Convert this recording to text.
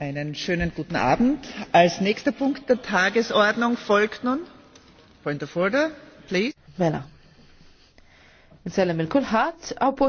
Einen schönen guten Abend. Als nächster Punkt der Tagesordnung folgt nun Point of order, please. Mela. Nsellem il-kulħadd